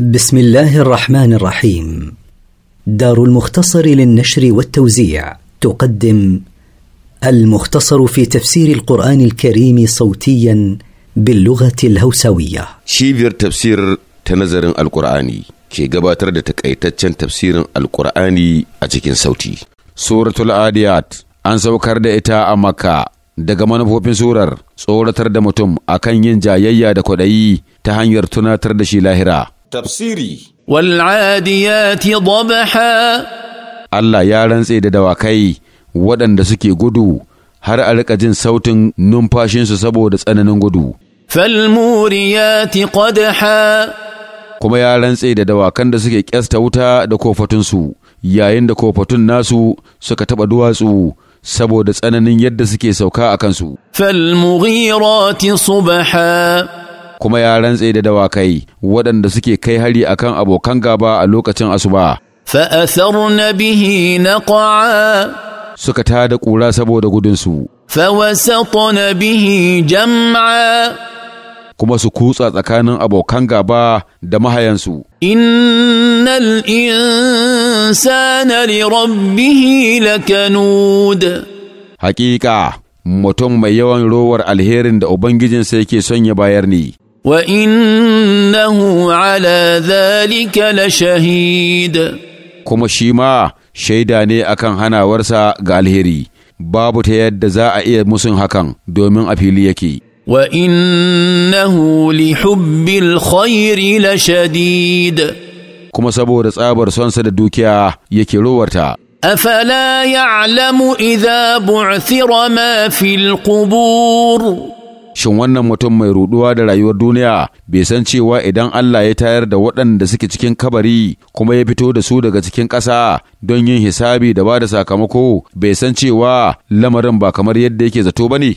بسم الله الرحمن الرحيم دار المختصر للنشر والتوزيع تقدم المختصر في تفسير القرآن الكريم صوتيا باللغة الهوسوية شيفير تفسير تنظر القرآني كي قباتر تكأيتتشن تفسير القرآني أتكين صوتي سورة العاديات أن سوكر إتاء مكة daga manufofin surar tsoratar da mutum akan yin jayayya da kwaɗayi ta hanyar tunatar da shi lahira tafsiri wal'adiyati dabaha Allah ya rantse da dawakai waɗanda suke gudu har a rika jin sautin numfashinsu saboda tsananin gudu falmuriyati qadha kuma ya rantse da dawakan da suke kyasta wuta da kofatunsu yayin da kofatun nasu suka taɓa duwatsu saboda tsananin yadda suke sauka a kansu falmughirati subha kuma ya rantse da dawakai waɗanda suke kai hari akan abokan gaba a lokacin asuba bihi na نقعا suka tada ƙura saboda gudunsu فوسطن bihi jam'a. kuma su kutsa tsakanin abokan gaba da mahayansu innal insana rabbihi lakanud Haƙiƙa, mutum mai yawan rowar alherin da ubangijinsa yake son ya bayar ne وانه على la لشهيد kuma shi ma shaida ne akan hanawarsa ga alheri babu ta yadda za a iya musun hakan domin a fili yake wa innahu li hubbil khairi la shadid kuma saboda tsabar sonsa da dukiya yake rowarta afala ya'lamu idza bu'thira ma fil qubur Shin wannan mutum mai ruduwa da rayuwar duniya bai san cewa idan Allah ya tayar da waɗanda suke cikin kabari kuma ya fito da su daga cikin ƙasa don yin hisabi da ba da sakamako bai san cewa lamarin ba kamar yadda yake zato ba ne?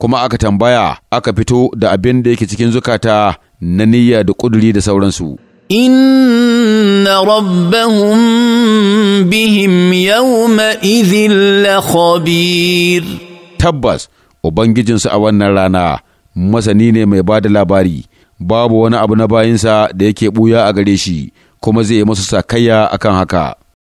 kuma aka tambaya aka fito da abin da yake cikin zukata na niyya da ƙuduri da sauransu. ان ربهم بهم يومئذ لخبير تبس ubangijinsu a wannan rana masani ne mai ba da labari babu wani abu na bayinsa da yake buya a gare shi kuma zai yi masa sakayya akan haka